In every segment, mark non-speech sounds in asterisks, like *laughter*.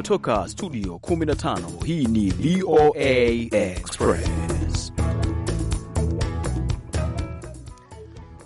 kutoka studio 15 hii ni VOA Express.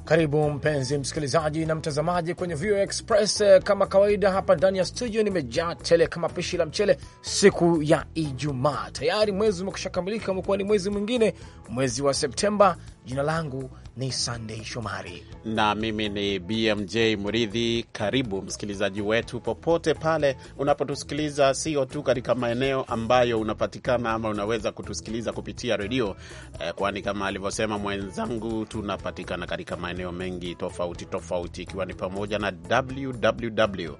Karibu mpenzi msikilizaji na mtazamaji kwenye VOA Express. Eh, kama kawaida, hapa ndani ya studio nimejaa tele kama pishi la mchele siku ya Ijumaa. Tayari mwezi umekusha kamilika, umekuwa ni mwezi mwingine, mwezi wa Septemba. Jina langu ni Sandey Shomari na mimi ni BMJ Muridhi. Karibu msikilizaji wetu popote pale unapotusikiliza, sio tu katika maeneo ambayo unapatikana ama unaweza kutusikiliza kupitia redio eh, kwani kama alivyosema mwenzangu tunapatikana katika maeneo mengi tofauti tofauti, ikiwa ni pamoja na www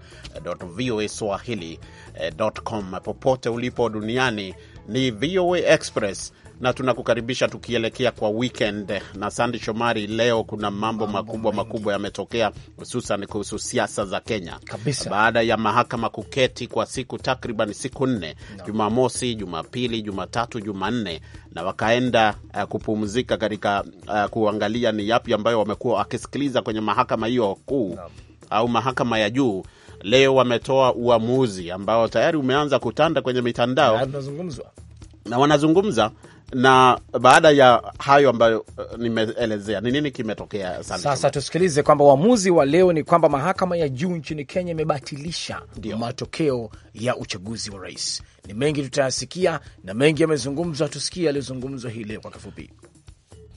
voa eh, com. Popote ulipo duniani ni VOA Express na tunakukaribisha tukielekea kwa weekend. Na Sandi Shomari, leo kuna mambo, mambo makubwa mingi makubwa yametokea, hususan kuhusu siasa za Kenya kabisa, baada ya mahakama kuketi kwa siku takriban siku nne no. Jumamosi, Jumapili, Jumatatu, Jumanne na wakaenda uh, kupumzika katika uh, kuangalia ni yapi ambayo wamekuwa wakisikiliza kwenye mahakama hiyo kuu no. au mahakama ya juu. Leo wametoa uamuzi ambao tayari umeanza kutanda kwenye mitandao na, na wanazungumza na baada ya hayo ambayo eh, nimeelezea, ni nini kimetokea sasa? Sasa tusikilize kwamba uamuzi wa leo ni kwamba mahakama ya juu nchini Kenya imebatilisha matokeo ya uchaguzi wa rais. Ni mengi tutayasikia na mengi yamezungumzwa, tusikie yaliyozungumzwa hii leo kwa kifupi.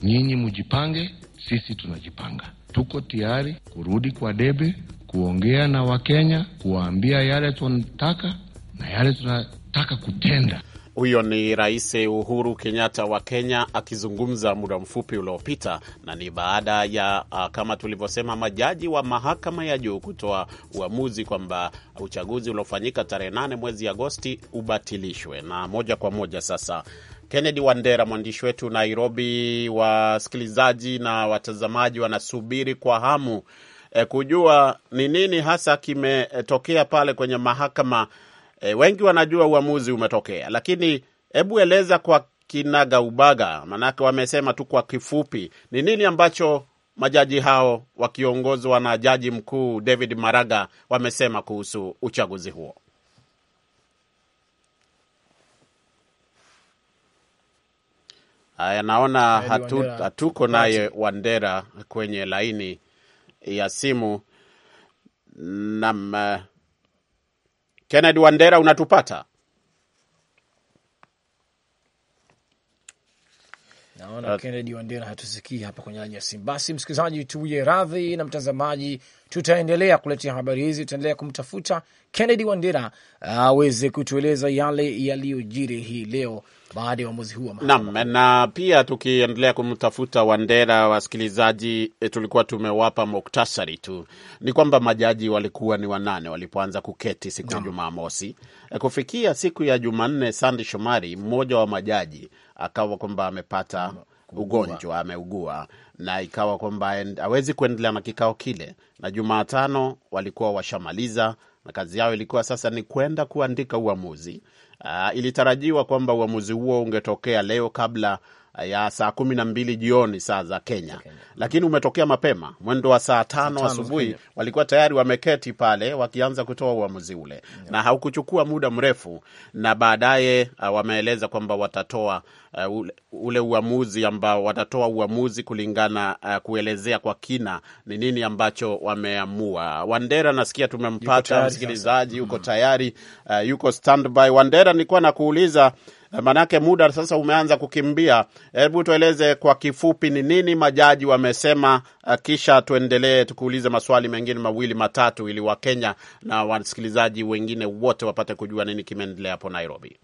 Nyinyi mujipange, sisi tunajipanga, tuko tayari kurudi kwa debe, kuongea na Wakenya, kuwaambia yale tunataka na yale tunataka kutenda. Huyo ni Rais Uhuru Kenyatta wa Kenya akizungumza muda mfupi uliopita, na ni baada ya ah, kama tulivyosema, majaji wa mahakama ya juu kutoa uamuzi kwamba uchaguzi uliofanyika tarehe nane mwezi Agosti ubatilishwe. Na moja kwa moja sasa Kennedy Wandera, mwandishi wetu Nairobi. Wasikilizaji na watazamaji wanasubiri kwa hamu e, kujua ni nini hasa kimetokea pale kwenye mahakama e, wengi wanajua uamuzi umetokea, lakini hebu eleza kwa kinaga ubaga, maanake wamesema tu kwa kifupi, ni nini ambacho majaji hao wakiongozwa na jaji mkuu David Maraga wamesema kuhusu uchaguzi huo? aya naona hatu, hatuko naye Wandera kwenye laini ya simu nam eh, Kennedy Wandera, unatupata? Naona uh, Kennedy Wandera hatusikii hapa kwenye laini ya simu. Basi msikilizaji, tuye radhi na mtazamaji, tutaendelea kuletea habari hizi, tutaendelea kumtafuta Kennedy Wandera uh, aweze uh, kutueleza yale yaliyojiri hii leo baada ya uamuzi huu Naam, na pia tukiendelea kumtafuta Wandera, wasikilizaji, e, tulikuwa tumewapa muktasari tu, ni kwamba majaji walikuwa ni wanane walipoanza kuketi siku ya Jumamosi, e, kufikia siku ya Jumanne, Sandi Shomari, mmoja wa majaji akawa kwamba amepata ugonjwa ameugua, na ikawa kwamba hawezi kuendelea na kikao kile, na Jumatano walikuwa washamaliza, na kazi yao ilikuwa sasa ni kwenda kuandika uamuzi. Uh, ilitarajiwa kwamba uamuzi huo ungetokea leo kabla ya saa kumi na mbili jioni saa za Kenya, Kenya. Lakini umetokea mapema mwendo wa saa tano asubuhi, walikuwa tayari wameketi pale wakianza kutoa uamuzi ule yeah. Na haukuchukua muda mrefu, na baadaye uh, wameeleza kwamba watatoa uh, ule uamuzi ambao watatoa uamuzi kulingana uh, kuelezea kwa kina ni nini ambacho wameamua. Wandera nasikia tumempata msikilizaji yuko tayari, yuko, mm. tayari, uh, yuko standby. Wandera, nilikuwa nakuuliza Eh, Maanake muda sasa umeanza kukimbia. Hebu tueleze kwa kifupi ni nini majaji wamesema, eh, kisha tuendelee tukuulize maswali mengine mawili matatu, ili Wakenya na wasikilizaji wengine wote wapate kujua nini kimeendelea hapo Nairobi.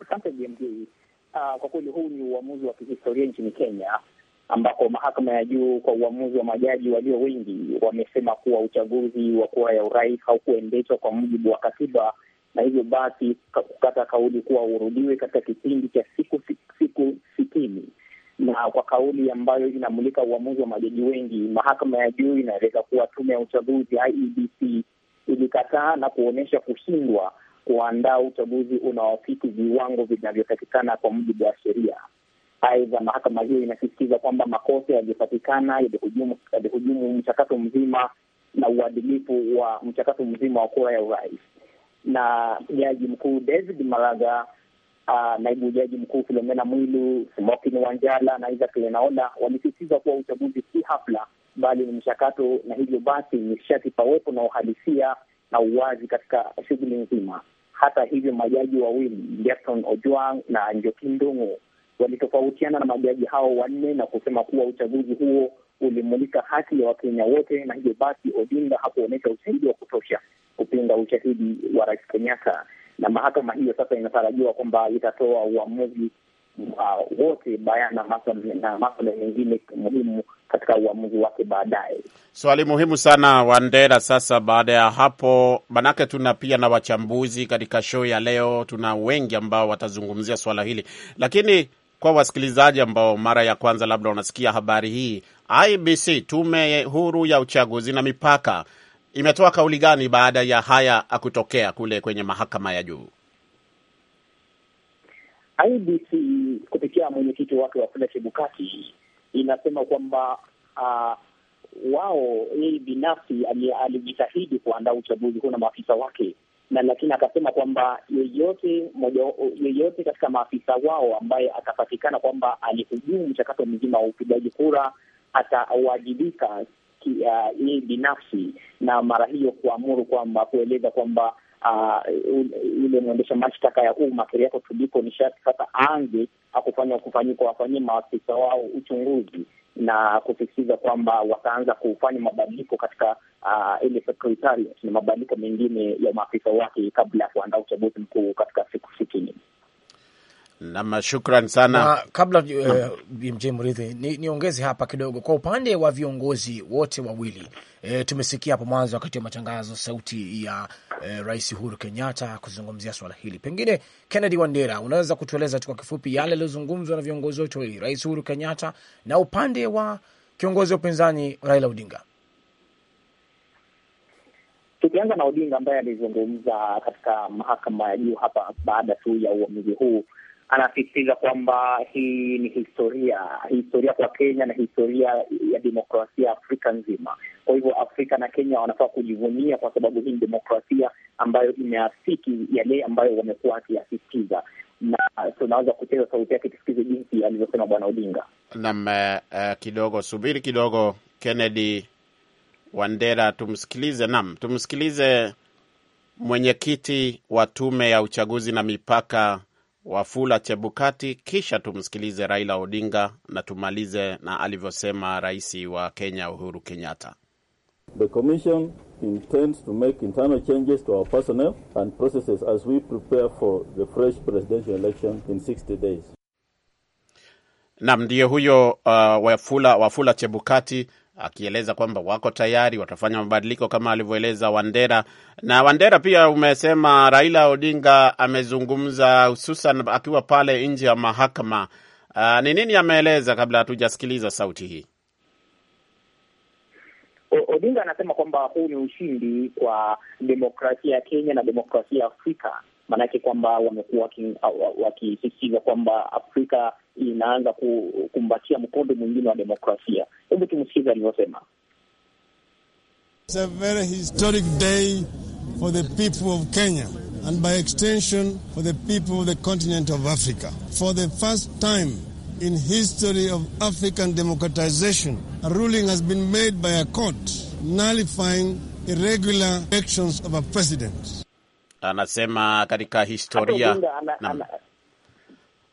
Asante BMJ. Uh, ah, kwa kweli huu ni uamuzi wa kihistoria nchini Kenya ambako mahakama ya juu kwa uamuzi wa majaji walio wengi wamesema kuwa uchaguzi wa kura ya urais haukuendeshwa kwa mujibu wa katiba na hivyo basi kukata kauli kuwa urudiwe katika kipindi cha siku siku sitini na kwa kauli ambayo inamulika uamuzi wa majaji wengi, mahakama ya juu inaeleza kuwa tume ya uchaguzi IEBC ilikataa na kuonyesha kushindwa kuandaa uchaguzi unaoafiki viwango vinavyotakikana kwa mujibu wa sheria. Aidha, mahakama hiyo inasisitiza kwamba makosa yaliyopatikana yalihujumu mchakato mzima na uadilifu wa mchakato mzima wa kura ya urais na jaji mkuu David Maraga, uh, naibu jaji mkuu Filomena Mwilu, Smokin Wanjala na Isaac Lenaola walisisitiza kuwa uchaguzi si hafla, bali ni mchakato, na hivyo basi ni sharti pawepo na uhalisia na uwazi katika shughuli nzima. Hata hivyo, majaji wawili Jackson Ojwang na Njoki Ndung'u walitofautiana na majaji hao wanne na kusema kuwa uchaguzi huo ulimulika haki ya Wakenya wote na hivyo basi Odinga hakuonyesha ushahidi wa kutosha kupinga ushahidi wa Rais Kenyatta, na mahakama hiyo sasa inatarajiwa kwamba itatoa uamuzi uh, wote bayana na maswala mengine muhimu katika uamuzi wake baadaye. Swali muhimu sana Wandera. Sasa baada ya hapo, manake tuna pia na wachambuzi katika show ya leo, tuna wengi ambao watazungumzia swala hili, lakini kwa wasikilizaji ambao mara ya kwanza labda wanasikia habari hii, IBC, tume huru ya uchaguzi na mipaka imetoa kauli gani baada ya haya kutokea kule kwenye mahakama ya juu? IBC kupitia mwenyekiti wake wa Wafula Chebukati inasema kwamba uh, wao yeye binafsi alijitahidi kuandaa uchaguzi huu na maafisa wake na lakini akasema kwamba yeyote moja yeyote katika maafisa wao ambaye atapatikana kwamba alihujumu mchakato mzima wa upigaji kura atawajibika yeye uh, binafsi na mara hiyo kuamuru kwamba kueleza kwamba yule uh, mwendesha mashtaka ya umma Keriako Tobiko ni sharti sasa aanze akufanya kufanyika wafanyie maafisa wao uchunguzi na kusisitiza kwamba wataanza kufanya mabadiliko katika uh, ile secretariat na mabadiliko mengine ya maafisa wake kabla ya kuandaa uchaguzi mkuu katika siku sitini. Nam, shukran sana na, kabla uh, BMJ Mridhi, niongeze ni hapa kidogo kwa upande wa viongozi wote wawili e, tumesikia hapo mwanzo wakati wa matangazo sauti ya e, Rais Uhuru Kenyatta kuzungumzia swala hili. Pengine Kennedy Wandera, unaweza kutueleza tu kwa kifupi yale yaliyozungumzwa na viongozi wote wawili, Rais Uhuru Kenyatta na upande wa kiongozi wa upinzani Raila Odinga? Tukianza na Odinga ambaye alizungumza katika mahakama ya juu hapa baada tu ya uamuzi huu anasisitiza kwamba hii ni historia, historia kwa Kenya na historia ya demokrasia Afrika nzima. Kwa hivyo Afrika na Kenya wanafaa kujivunia, kwa sababu hii ni demokrasia ambayo imeafiki yale ambayo wamekuwa wakiyasisitiza, na tunaweza kucheza sauti yake tusikize jinsi alivyosema Bwana Odinga. Naam, uh, kidogo subiri kidogo, Kennedy Wandera, tumsikilize. Naam, tumsikilize mwenyekiti wa tume ya uchaguzi na mipaka Wafula Chebukati, kisha tumsikilize Raila Odinga na tumalize na alivyosema rais wa Kenya Uhuru Kenyatta. The commission intends to make internal changes to our personnel and processes as we prepare for the fresh presidential election in 60 days. Nam, ndiyo huyo uh, Wafula, Wafula Chebukati akieleza kwamba wako tayari, watafanya mabadiliko kama alivyoeleza Wandera. Na Wandera, pia umesema Raila Odinga amezungumza hususan akiwa pale nje ya mahakama. Ah, ni nini ameeleza kabla hatujasikiliza sauti hii? Odinga anasema kwamba huu ni ushindi kwa demokrasia ya Kenya na demokrasia ya Afrika, maanake kwamba wamekuwa wakisisitiza kwamba Afrika inaanza kumbatia mkondo mwingine wa demokrasia. Hebu tumsikize alivyosema. It's a very historic day for the people of Kenya and by extension for the people of the continent of Africa. For the first time in history of African democratization, a ruling has been made by a court nullifying irregular elections of a president. Anasema katika historia.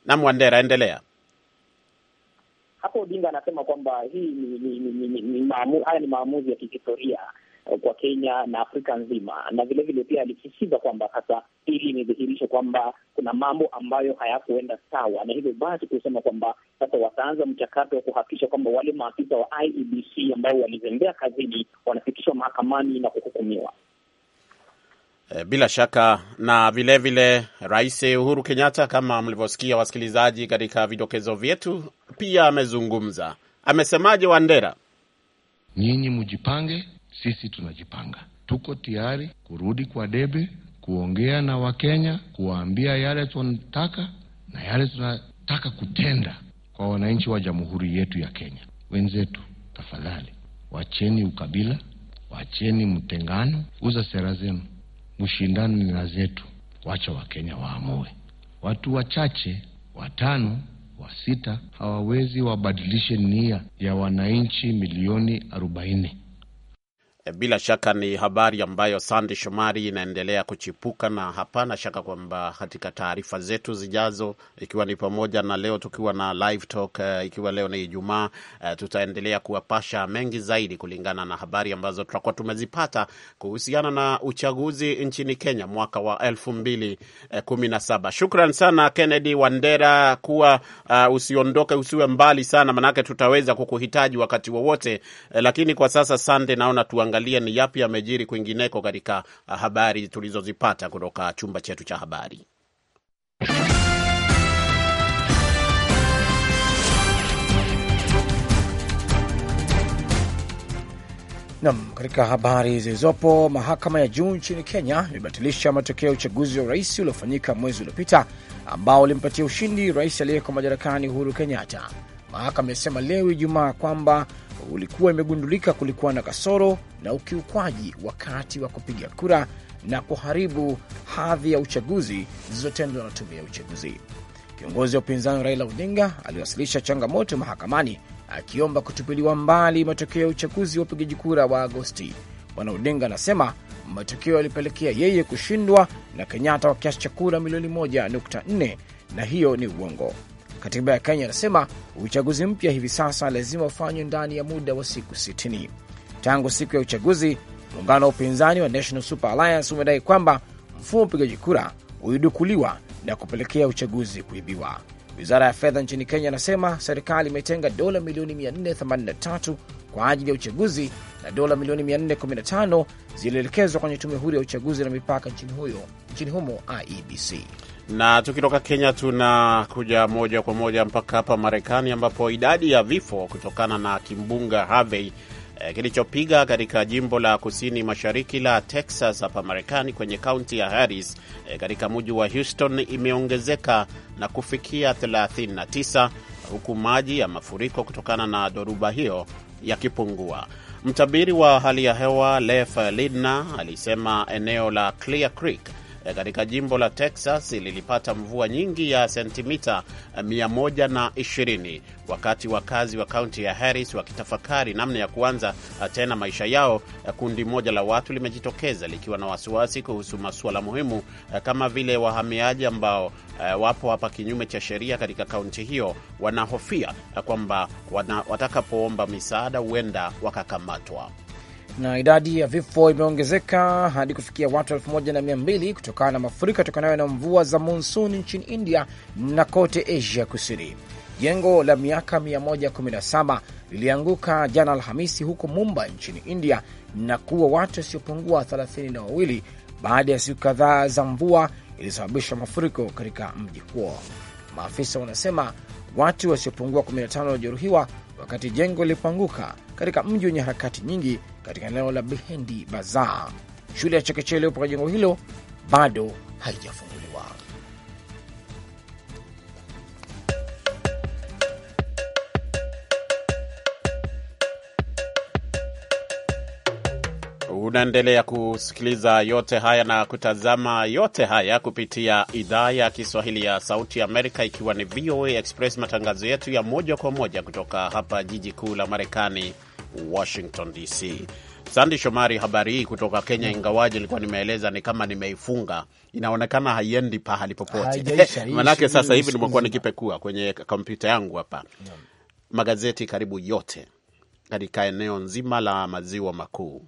Nam Wandera, endelea. Hapo Odinga anasema kwamba hii ni, ni, ni, ni, ni maamu, haya ni maamuzi ya kihistoria eh, kwa Kenya na Afrika nzima, na vilevile pia alisisitiza kwamba sasa hili ni dhihirisho kwamba kuna mambo ambayo hayakuenda sawa, na hivyo basi kusema kwamba sasa wataanza mchakato wa kuhakikisha kwamba wale maafisa wa IEBC ambao walizembea kazini wanafikishwa mahakamani na kuhukumiwa. Eh, bila shaka na vilevile Rais Uhuru Kenyatta, kama mlivyosikia wasikilizaji, katika vidokezo vyetu pia amezungumza. Amesemaje Wandera? Nyinyi mjipange, sisi tunajipanga, tuko tayari kurudi kwa debe, kuongea na Wakenya, kuwaambia yale tunataka na yale tunataka kutenda kwa wananchi wa jamhuri yetu ya Kenya. Wenzetu, tafadhali wacheni ukabila, wacheni mtengano, uza sera zenu mshindane na zetu, wacha Wakenya waamue. Watu wachache watano wa sita hawawezi wabadilishe nia ya wananchi milioni arobaini. Eh, bila shaka ni habari ambayo Sande Shomari inaendelea kuchipuka, na hapana shaka kwamba katika taarifa zetu zijazo, ikiwa ni pamoja na leo tukiwa na live talk, eh, ikiwa leo ni Ijumaa, eh, tutaendelea kuwapasha mengi zaidi kulingana na habari ambazo tutakuwa tumezipata kuhusiana na uchaguzi nchini Kenya mwaka wa elfu mbili kumi na saba. Shukran sana Kennedy Wandera, kuwa uh, usiondoke, usiwe mbali sana, manake tutaweza kukuhitaji wakati wowote, lakini kwa sasa Sandi, naona tuang kuangalia ni yapi yamejiri kwingineko katika ah, habari tulizozipata kutoka chumba chetu cha habari. Nam, katika habari zilizopo, mahakama ya juu nchini Kenya imebatilisha matokeo ya uchaguzi wa urais uliofanyika mwezi uliopita ambao ulimpatia ushindi rais aliyeko madarakani Uhuru Kenyatta. Mahakama imesema leo Ijumaa kwamba ulikuwa imegundulika kulikuwa na kasoro na ukiukwaji wakati wa kupiga kura na kuharibu hadhi ya uchaguzi zilizotendwa na tume ya uchaguzi. Kiongozi wa upinzani Raila Odinga aliwasilisha changamoto mahakamani akiomba kutupiliwa mbali matokeo ya uchaguzi wa upigaji kura wa Agosti. Bwana Odinga anasema matokeo yalipelekea yeye kushindwa na Kenyatta kwa kiasi cha kura milioni 1.4 na hiyo ni uongo. Katiba ya Kenya inasema uchaguzi mpya hivi sasa lazima ufanywe ndani ya muda wa siku 60. Tangu siku ya uchaguzi, muungano wa upinzani wa National Super Alliance umedai kwamba mfumo wa upigaji kura ulidukuliwa na kupelekea uchaguzi kuibiwa. Wizara ya fedha nchini Kenya inasema serikali imetenga dola milioni 483 kwa ajili ya uchaguzi na dola milioni 415 zilielekezwa kwenye tume huru ya uchaguzi na mipaka nchini huyo nchini humo IEBC. Na tukitoka Kenya tunakuja moja kwa moja mpaka hapa Marekani, ambapo idadi ya vifo kutokana na kimbunga Harvey eh, kilichopiga katika jimbo la kusini mashariki la Texas hapa Marekani kwenye kaunti ya Harris eh, katika mji wa Houston imeongezeka na kufikia 39 huku maji ya mafuriko kutokana na dhoruba hiyo yakipungua. Mtabiri wa hali ya hewa Lef Lidna alisema eneo la Clear Creek Eh, katika jimbo la Texas lilipata mvua nyingi ya sentimita 120 eh, wakati wakazi wa kaunti ya Harris wakitafakari namna ya kuanza eh, tena maisha yao. Kundi moja la watu limejitokeza likiwa na wasiwasi kuhusu masuala muhimu kama vile wahamiaji ambao wapo hapa kinyume cha sheria katika kaunti hiyo. Wanahofia kwamba watakapoomba misaada huenda wakakamatwa na idadi ya vifo imeongezeka hadi kufikia watu elfu moja na mia mbili kutokana na mafuriko yatokanayo na mvua za monsuni nchini India na kote Asia Kusini. Jengo la miaka 117 lilianguka jana Alhamisi huko Mumbai nchini India na kuwa watu wasiopungua thelathini na wawili baada ya siku kadhaa za mvua ilisababisha mafuriko katika mji huo. Maafisa wanasema watu wasiopungua 15 walijeruhiwa wakati jengo lilipoanguka katika mji wenye harakati nyingi katika eneo la Bihendi Bazaa. Shule ya chekechea iliyopo kwa jengo hilo bado haijafunguliwa. Unaendelea kusikiliza yote haya na kutazama yote haya kupitia idhaa ya Kiswahili ya Sauti ya Amerika, ikiwa ni VOA Express, matangazo yetu ya moja kwa moja kutoka hapa jiji kuu la Marekani, Washington DC. Sandi Shomari, habari hii kutoka Kenya. Ingawaji ilikuwa nimeeleza ni kama nimeifunga, inaonekana haiendi pahali popote *laughs* manake sasa hivi nimekuwa nikipekua kwenye kompyuta yangu hapa yeah. magazeti karibu yote katika eneo nzima la maziwa makuu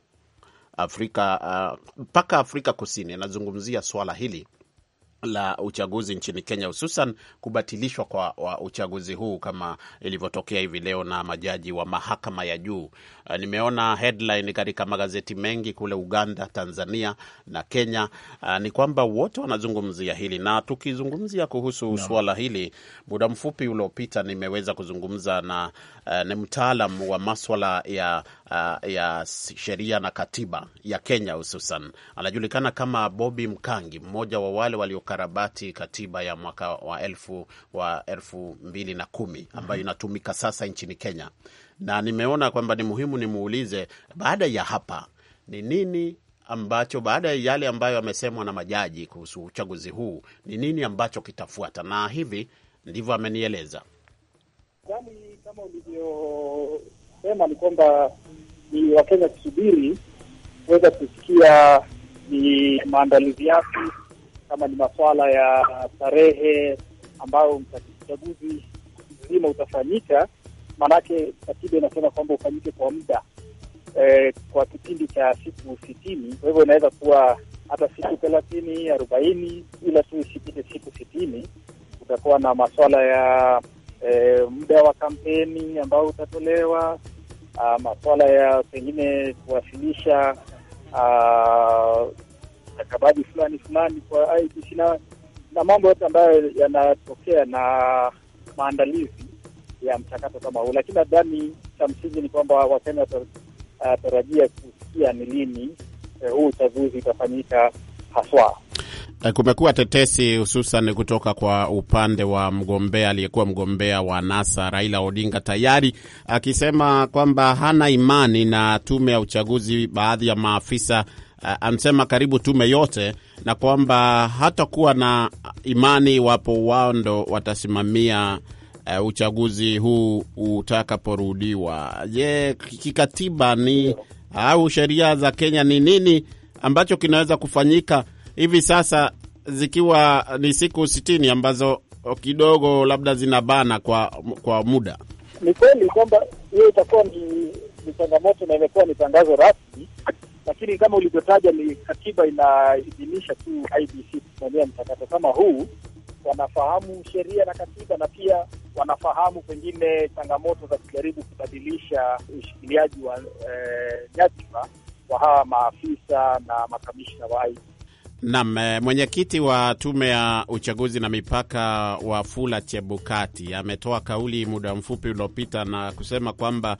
Afrika uh, mpaka uh, Afrika Kusini anazungumzia swala hili la uchaguzi nchini Kenya, hususan kubatilishwa kwa uchaguzi huu kama ilivyotokea hivi leo na majaji wa mahakama ya juu Uh, nimeona headline katika magazeti mengi kule Uganda, Tanzania na Kenya uh, ni kwamba wote wanazungumzia hili, na tukizungumzia kuhusu no. suala hili, muda mfupi uliopita nimeweza kuzungumza na uh, ni mtaalam wa maswala ya uh, ya sheria na katiba ya Kenya hususan, anajulikana kama Bobby Mkangi, mmoja wa wale waliokarabati katiba ya mwaka wa elfu wa elfu mbili na kumi ambayo mm -hmm. inatumika sasa nchini Kenya na nimeona kwamba ni muhimu nimuulize baada ya hapa ni nini ambacho baada ya yale ambayo amesemwa na majaji kuhusu uchaguzi huu ni nini ambacho kitafuata, na hivi ndivyo amenieleza. Yani, kama ulivyosema ni kwamba ni Wakenya kusubiri kuweza kusikia ni maandalizi yapi, kama ni masuala ya tarehe ambayo uchaguzi mzima utafanyika maanake katiba inasema kwamba ufanyike kwa muda e, kwa kipindi cha siku sitini. Kwa hivyo inaweza kuwa hata siku thelathini, arobaini, ila tu isipite siku sitini. Utakuwa na maswala ya e, muda wa kampeni ambao utatolewa, ah, maswala ya pengine kuwasilisha ah, stakabadhi fulani fulani kwa IEBC na, na mambo yote ambayo yanatokea na maandalizi ya mchakato kama huu, lakini nadhani cha msingi ni kwamba Wakenya watatarajia kusikia ni lini eh, huu uchaguzi utafanyika haswa. Eh, kumekuwa tetesi hususan kutoka kwa upande wa mgombea aliyekuwa mgombea wa NASA Raila Odinga tayari akisema kwamba hana imani na tume ya uchaguzi. Baadhi ya maafisa eh, amsema karibu tume yote, na kwamba hatakuwa na imani iwapo wao ndo watasimamia uh, uchaguzi huu utakaporudiwa. Je, kikatiba ni au sheria za Kenya ni nini ambacho kinaweza kufanyika hivi sasa zikiwa ni siku sitini ambazo kidogo labda zinabana kwa kwa muda? Ni kweli kwamba hiyo itakuwa ni ni changamoto na imekuwa ni tangazo rasmi, lakini kama ulivyotaja, ni katiba inaidhinisha tu IBC kusimamia mchakato kama huu wanafahamu sheria na katiba na pia wanafahamu pengine changamoto za kujaribu kubadilisha ushikiliaji wa eh, nyadhifa wa hawa maafisa na makamishna wa IEBC. Naam, eh, mwenyekiti wa tume ya uchaguzi na mipaka wa fula Chebukati ametoa kauli muda mfupi uliopita na kusema kwamba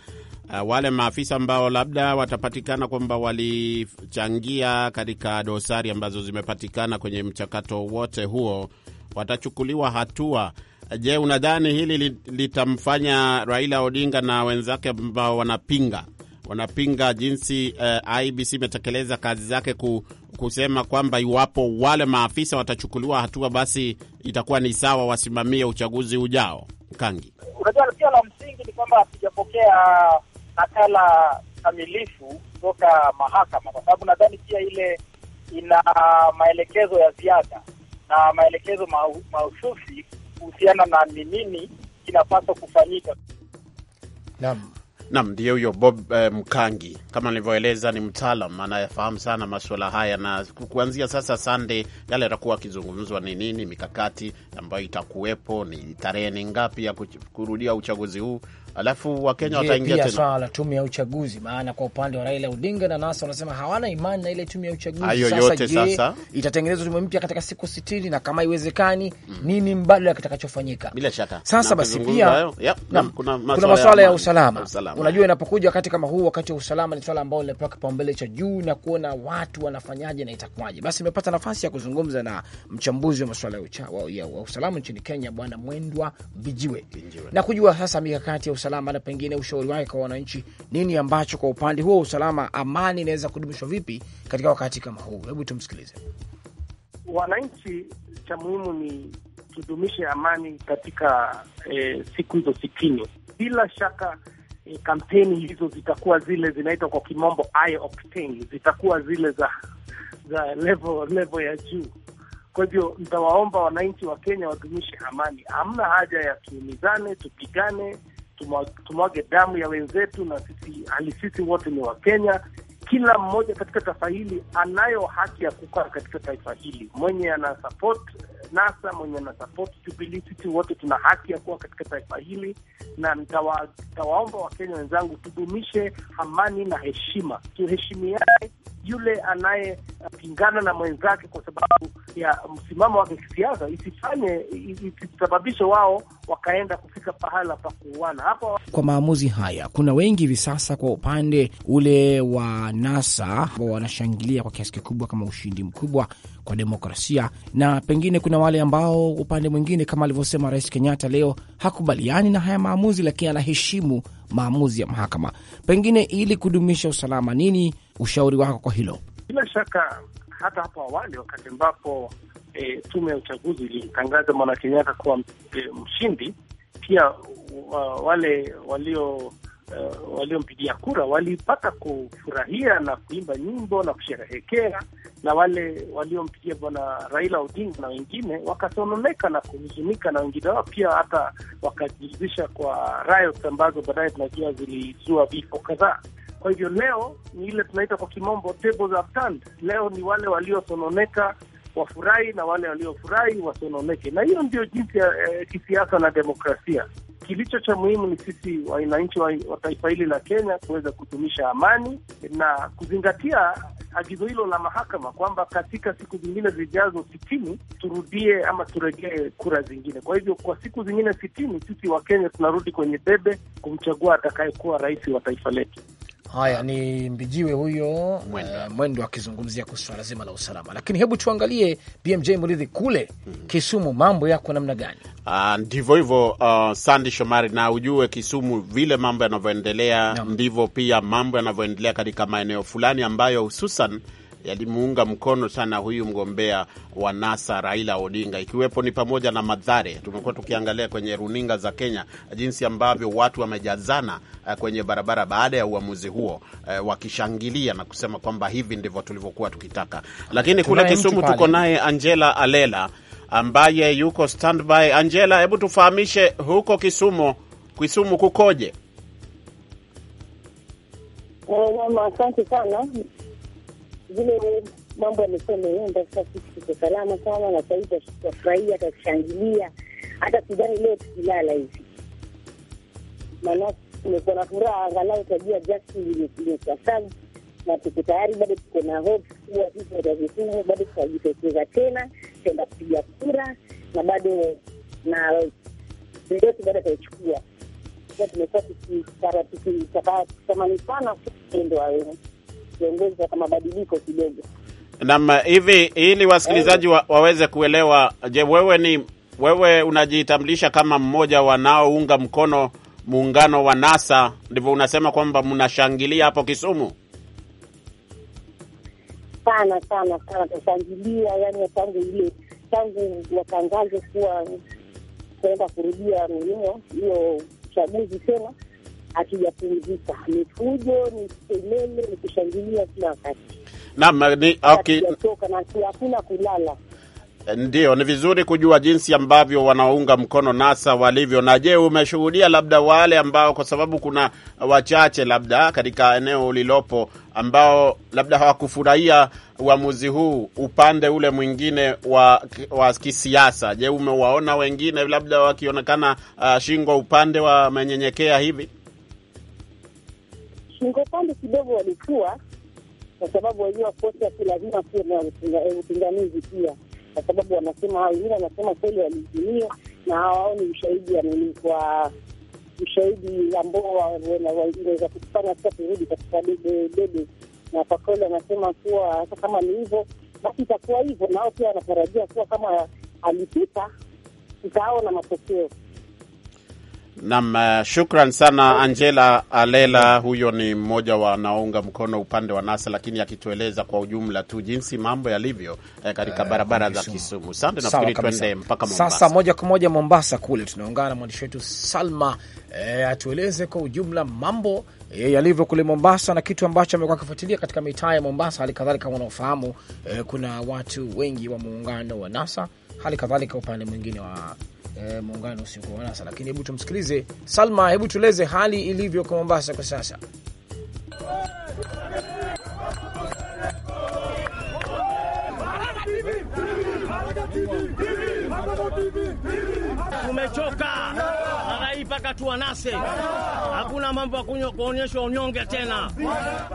uh, wale maafisa ambao labda watapatikana kwamba walichangia katika dosari ambazo zimepatikana kwenye mchakato wote huo watachukuliwa hatua. Je, unadhani hili litamfanya Raila Odinga na wenzake ambao wanapinga wanapinga jinsi uh, eh, IBC imetekeleza kazi zake ku, kusema kwamba iwapo wale maafisa watachukuliwa hatua basi itakuwa ni sawa wasimamie uchaguzi ujao. Kangi, unajua pia la msingi ni kwamba hatujapokea ah, nakala kamilifu kutoka mahakama, kwa sababu nadhani pia ile ina ah, maelekezo ya ziada na maelekezo mahususi kuhusiana na ni nini kinapaswa kufanyika. Naam. Nam, ndiye huyo Bob eh, Mkangi, kama nilivyoeleza, ni mtaalam anayefahamu sana masuala haya, na kuanzia sasa Sunday yale yatakuwa akizungumzwa ni nini, mikakati ambayo itakuwepo, ni tarehe ni ngapi ya kurudia uchaguzi huu alafu Wakenya wataingia tena swala la tume ya uchaguzi. Maana kwa upande wa Raila Odinga na NASA wanasema hawana imani na ile tume ya uchaguzi. Sasa yote sasa itatengenezwa tume mpya katika siku sitini na kama iwezekani mm, nini mbadala kitakachofanyika? Bila shaka sasa basi pia yep, na, kuna masuala kuna masuala ya, ya usalama, usalama. Unajua, inapokuja wakati kama huu, wakati wa usalama ni swala ambalo linapewa kipaumbele cha juu na kuona watu wanafanyaje na itakuwaje. Basi nimepata nafasi ya kuzungumza na mchambuzi wa masuala ya usalama nchini Kenya, Bwana Mwendwa Bijiwe, Bijiwe, na kujua sasa mikakati ya usalama na pengine ushauri wake kwa wananchi, nini ambacho kwa upande huo usalama, amani inaweza kudumishwa vipi katika wakati kama huu? Hebu tumsikilize. Wananchi, cha muhimu ni tudumishe amani katika e, siku hizo sitini. Bila shaka e, kampeni hizo zitakuwa zile zinaitwa kwa kimombo octane, zitakuwa zile za za level level ya juu. Kwa hivyo nitawaomba wananchi wa Kenya wadumishe amani. Hamna haja ya tuumizane, tupigane tumwage damu ya wenzetu, na sisi hali sisi wote ni Wakenya. Kila mmoja katika taifa hili anayo haki ya kukaa katika taifa hili, mwenye ana support NASA, mwenye ana support Jubilee, sisi wote tuna haki ya kuwa katika taifa hili, na nitawaomba Wakenya wenzangu, tudumishe amani na heshima, tuheshimiane yule anayepingana uh, na mwenzake kwa sababu ya msimamo wake kisiasa, isifanye isisababishe wao wakaenda kufika pahala pa kuuana hapo. Kwa maamuzi haya, kuna wengi hivi sasa kwa upande ule wa NASA ambao wanashangilia kwa kiasi kikubwa kama ushindi mkubwa kwa demokrasia, na pengine kuna wale ambao upande mwingine, kama alivyosema Rais Kenyatta leo, hakubaliani na haya maamuzi, lakini anaheshimu maamuzi ya mahakama. Pengine ili kudumisha usalama, nini ushauri wako kwa hilo? Bila shaka hata hapo awali wakati ambapo e, tume ya uchaguzi ilimtangaza mwanakenyatta Kenyatta kuwa e, mshindi, pia wale walio Uh, waliompigia kura walipata kufurahia na kuimba nyimbo na kusherehekea, na wale waliompigia bwana Raila Odinga na wengine wakasononeka na kuhuzunika, na wengine wao pia hata wakajihusisha kwa riots ambazo baadaye tunajua zilizua vifo kadhaa. Kwa hivyo leo ni ile tunaita kwa kimombo tables have turned. Leo ni wale waliosononeka wafurahi na wale waliofurahi wasononeke, na hiyo ndio jinsi ya eh, kisiasa na demokrasia. Kilicho cha muhimu ni sisi wananchi wa, wa taifa hili la Kenya kuweza kudumisha amani na kuzingatia agizo hilo la mahakama kwamba katika siku zingine zijazo sitini turudie ama turegee kura zingine. Kwa hivyo kwa siku zingine sitini sisi Wakenya tunarudi kwenye debe kumchagua atakayekuwa rais wa taifa letu. Haya, ni Mbijiwe huyo eh, mwendo, uh, Mwendo akizungumzia kuhusu swala zima la usalama, lakini hebu tuangalie BMJ Mridhi kule mm -hmm. Kisumu, mambo yako namna gani? Uh, ndivyo hivyo uh, Sandi Shomari, na ujue Kisumu vile mambo yanavyoendelea ndivyo pia mambo yanavyoendelea katika maeneo fulani ambayo hususan yalimuunga mkono sana huyu mgombea wa NASA Raila Odinga, ikiwepo ni pamoja na madhare. Tumekuwa tukiangalia kwenye runinga za Kenya jinsi ambavyo watu wamejazana eh, kwenye barabara baada ya uamuzi huo, eh, wakishangilia na kusema kwamba hivi ndivyo tulivyokuwa tukitaka. Lakini kule Kisumu tuko naye Angela Alela ambaye yuko standby. Angela, hebu tufahamishe huko Kisumu, Kisumu kukoje? Eh, asante sana vile mambo yamekuwa ameenda sasa, sisi tuko salama sana, na saa hizi tutafurahia, tutashangilia hata sidhani leo tukilala hivi, maana tumekuwa na furaha, angalau tajua Justin iliyosasabu na tuko tayari, bado tuko na hope kuwa sisi watavitumu, bado tutajitokeza tena, tenda kupiga kura na bado na yote bado ataichukua. Tumekuwa tukitamani sana upendo wa kiongozi kwa mabadiliko kidogo. Naam, hivi ili wasikilizaji wa, waweze kuelewa, je, wewe ni wewe unajitambulisha kama mmoja wanaounga mkono muungano wa NASA, ndivyo unasema kwamba mnashangilia hapo Kisumu? Sana sana sana tunashangilia, yani tangu ile tangu watangaze kuwa tunaenda kurudia mm, hiyo uchaguzi tena hatujapumzika, ni fujo, ni kelele, ni kushangilia kila wakati. Naam, ni okay, na hakuna kulala. Ndio, ni vizuri kujua jinsi ambavyo wanaounga mkono NASA walivyo. Na je, umeshuhudia labda wale ambao, kwa sababu kuna wachache labda katika eneo ulilopo, ambao labda hawakufurahia uamuzi huu, upande ule mwingine wa, wa kisiasa? Je, umewaona wengine labda wakionekana uh, shingo upande wa menyenyekea hivi? kingo pande kidogo walikuwa, kwa sababu wenyewe wafuasi wake lazima kuwe na eh, upinganizi pia, kwa sababu wanasema hao, wengine wanasema kweli walizimia na hawaoni ushahidi wa ushahidi ambao waweza kufanya sasa kurudi katika debe. Na kwa kweli wanasema kuwa hata kama ni hivyo basi itakuwa hivyo, nao pia wanatarajia kuwa kama alipita itaona matokeo nam eh, shukran sana Angela Alela. Huyo ni mmoja wanaounga mkono upande wa NASA, lakini akitueleza kwa ujumla tu jinsi mambo yalivyo eh, katika eh, barabara za Kisumu. Sante, nafikiri tuende mpaka Mombasa sasa, moja kwa moja Mombasa kule tunaungana na mwandishi wetu Salma eh, atueleze kwa ujumla mambo eh, yalivyo kule Mombasa na kitu ambacho amekuwa akifuatilia katika mitaa ya Mombasa. Hali kadhalika wanaofahamu eh, kuna watu wengi wa muungano wa NASA, hali kadhalika upande mwingine wa e, muungano usiokuwa wanasa. Lakini hebu tumsikilize Salma, hebu tueleze hali ilivyo kwa Mombasa kwa sasa. Tumechoka mpaka tuwanase, hakuna mambo ya kuonyeshwa unyonge tena.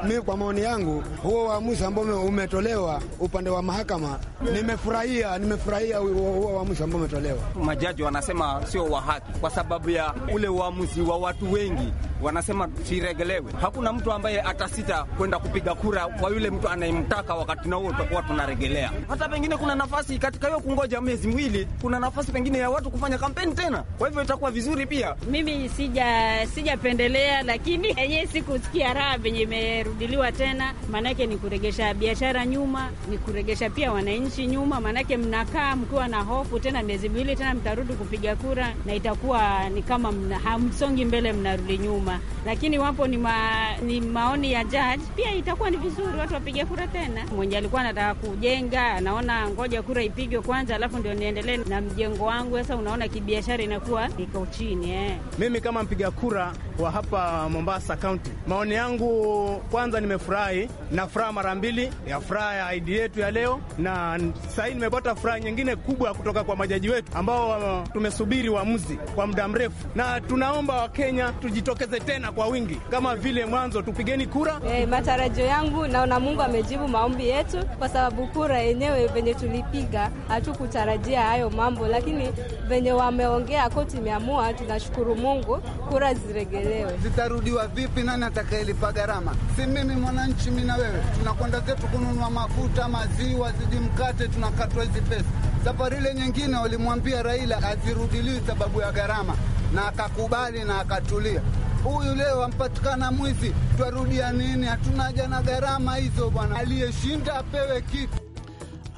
Mi kwa maoni yangu, huo uamuzi ambao umetolewa upande wa mahakama, nimefurahia, nimefurahia huo uamuzi ambao umetolewa. Majaji wanasema sio wa haki kwa sababu ya ule uamuzi wa watu wengi, wanasema siregelewe. Hakuna mtu ambaye atasita kwenda kupiga kura kwa yule mtu anayemtaka, wakati nao huo tutakuwa tunaregelea. Hata pengine kuna nafasi katika hiyo kungoja miezi miwili, kuna nafasi pengine ya watu kufanya kampeni tena, kwa hivyo itakuwa vizuri pia mimi sija sijapendelea, lakini yenyewe sikusikia raha venye imerudiliwa tena. Maanake ni kuregesha biashara nyuma, ni kuregesha pia wananchi nyuma, maanake mnakaa mkiwa na hofu tena miezi miwili tena mtarudi kupiga kura, na itakuwa ni kama mna, hamsongi mbele, mnarudi nyuma. Lakini wapo ni, ma, ni maoni ya jaji, pia itakuwa ni vizuri watu wapige kura tena. Mwenye alikuwa anataka kujenga anaona ngoja kura ipigwe kwanza, alafu ndio niendelee na mjengo wangu. Sasa unaona kibiashara inakuwa iko chini eh. Mimi kama mpiga kura wa hapa Mombasa County, maoni yangu kwanza, nimefurahi na furaha mara mbili ya furaha ya aidi yetu ya leo, na sahii nimepata furaha nyingine kubwa kutoka kwa majaji wetu ambao uh, tumesubiri uamuzi kwa muda mrefu, na tunaomba Wakenya tujitokeze tena kwa wingi kama vile mwanzo, tupigeni kura. Hey, eh, matarajio yangu naona Mungu amejibu maombi yetu, kwa sababu kura yenyewe venye tulipiga hatukutarajia hayo mambo, lakini venye wameongea, koti imeamua, tunashukuru tunamshukuru Mungu, kura ziregelewe. Zitarudiwa vipi? Nani atakayelipa gharama? Si mimi mwananchi, mi na wewe tunakwenda zetu kununua mafuta, maziwa, ziji mkate, tunakatwa hizi pesa. Safari ile nyingine walimwambia Raila azirudiliwi sababu ya gharama, na akakubali na akatulia. Huyu leo ampatikana mwizi, twarudia nini? Hatuna haja na gharama hizo bwana, aliyeshinda apewe kitu.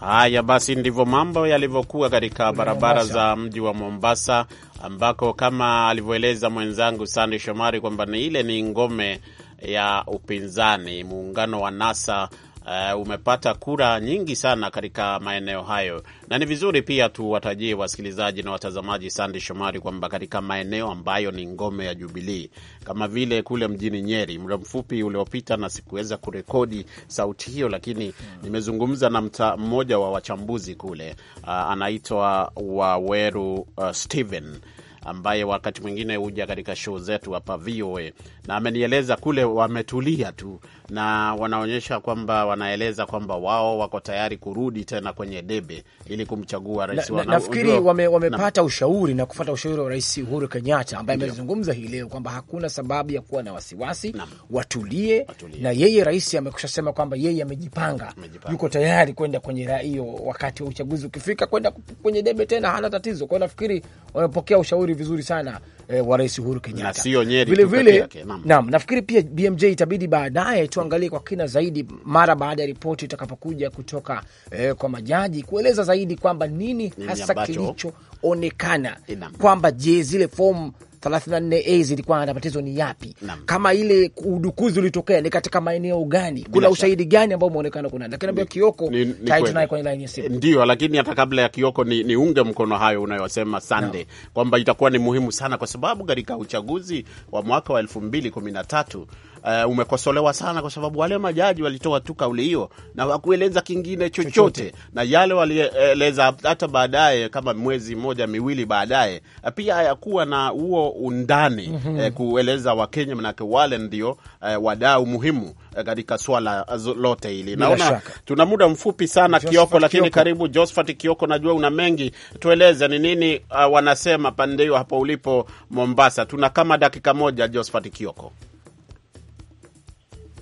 Haya basi, ndivyo mambo yalivyokuwa katika barabara za mji wa Mombasa, ambako kama alivyoeleza mwenzangu Sande Shomari kwamba ni ile ni ngome ya upinzani, muungano wa NASA uh, umepata kura nyingi sana katika maeneo hayo, na ni vizuri pia tuwatajie wasikilizaji na watazamaji, Sandi Shomari, kwamba katika maeneo ambayo ni ngome ya Jubilii kama vile kule mjini Nyeri, muda mfupi uliopita, na sikuweza kurekodi sauti hiyo, lakini hmm, nimezungumza na mta, mmoja wa wachambuzi kule uh, anaitwa Waweru uh, Steven ambaye wakati mwingine huja katika show zetu hapa VOA na amenieleza kule wametulia tu, na wanaonyesha kwamba wanaeleza kwamba wao wako tayari kurudi tena kwenye debe ili kumchagua rais na, Nafikiri wame, wamepata ushauri na kufata ushauri wa Rais Uhuru Kenyatta ambaye amezungumza hii leo kwamba hakuna sababu ya kuwa na wasiwasi na, watulie, watulie. Na yeye rais amekusha sema kwamba yeye amejipanga, yuko tayari kwenda kwenye hiyo, wakati wa uchaguzi ukifika, kwenda kwenye debe tena, hana tatizo kwao. Nafikiri wamepokea ushauri vizuri sana eh, wa Rais Uhuru Kenyatta vilevile. Naam, nafikiri pia BMJ itabidi baadaye tuangalie kwa kina zaidi mara baada ya ripoti itakapokuja kutoka eh, kwa majaji kueleza zaidi kwamba nini hasa kilichoonekana kwamba je, zile fomu 34 a zilikuwa na matatizo ni yapi? Naam. kama ile udukuzi ulitokea ni katika maeneo gani? Kuna ushahidi gani ambao umeonekana? Kuna lakini ambia Kioko tayari tunaye kwenye laini ya simu. Ndio, lakini hata kabla ya Kioko ni, ni unge mkono hayo unayosema Sande kwamba itakuwa ni muhimu sana, kwa sababu katika uchaguzi wa mwaka wa elfu mbili kumi na tatu uh, umekosolewa sana kwa sababu wale majaji walitoa tu kauli hiyo na wakueleza kingine chochote, chochote. Na yale walieleza hata baadaye kama mwezi mmoja miwili baadaye eh, pia hayakuwa na huo undani mm -hmm. eh, mhm. kueleza Wakenya manake wale ndio eh, wadau muhimu eh, katika swala lote hili. Naona tuna muda mfupi sana Josephat Kioko, lakini Kioko. Karibu Josephat Kioko, najua una mengi, tueleze ni nini uh, wanasema pande hiyo hapo ulipo Mombasa. Tuna kama dakika moja, Josephat Kioko.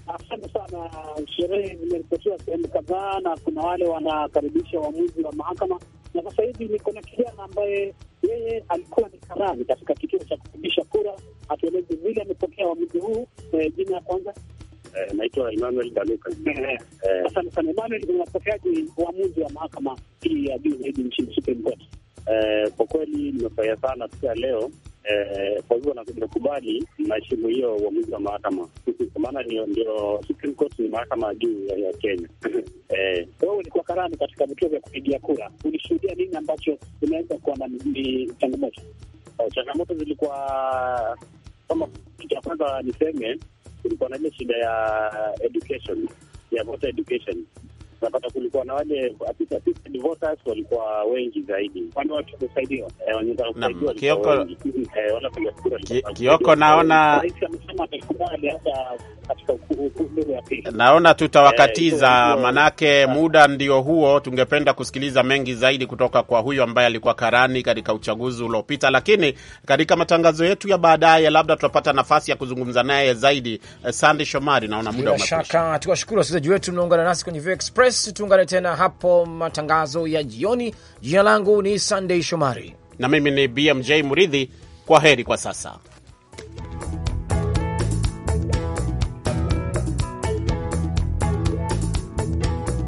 Asante sana. Sherehe zimeripotiwa sehemu kadhaa, na kuna wale wanakaribisha uamuzi wa mahakama. Na sasa hivi niko na kijana ambaye yeye alikuwa ni karani katika kituo cha kupigisha kura, atueleze vile amepokea uamuzi huu. Eh, jina ya kwanza eh, naitwa Emmanuel Daluka. Eh, Asante sana Emmanuel, unapokeaje uamuzi wa mahakama hii ya juu zaidi nchini Supreme Court? Kwa kweli nimefurahia sana siku ya leo Eh, kwa hivyo nakubali, naheshimu hiyo uamuzi wa mahakama, kwa maana ndio Supreme Court ni mahakama ya juu ya Kenya. *laughs* Eh, Wewe ulikuwa karani katika vituo vya kupigia kura, ulishuhudia nini ambacho inaweza kuwa na changamoto? Oh, changamoto zilikuwa kama kitu cha kwanza niseme, kulikuwa na ile shida ya education ya voter education unapata kulikuwa na wale voters walikuwa wengi zaidi, kwani watu kusaidiwa eh, eh, Kioko, naona naona tutawakatiza eh, manake muda ndio huo. Tungependa kusikiliza mengi zaidi kutoka kwa huyo ambaye alikuwa karani katika uchaguzi uliopita, lakini katika matangazo yetu ya baadaye labda tutapata nafasi ya kuzungumza naye zaidi. Sandi Shomari, naona muda umekwisha. Tuwashukuru wasikilizaji wetu mnaungana nasi kwenye Express Express. Tuungane tena hapo matangazo ya jioni. Jina langu ni Sunday Shomari na mimi ni BMJ Muridhi. Kwa heri kwa sasa.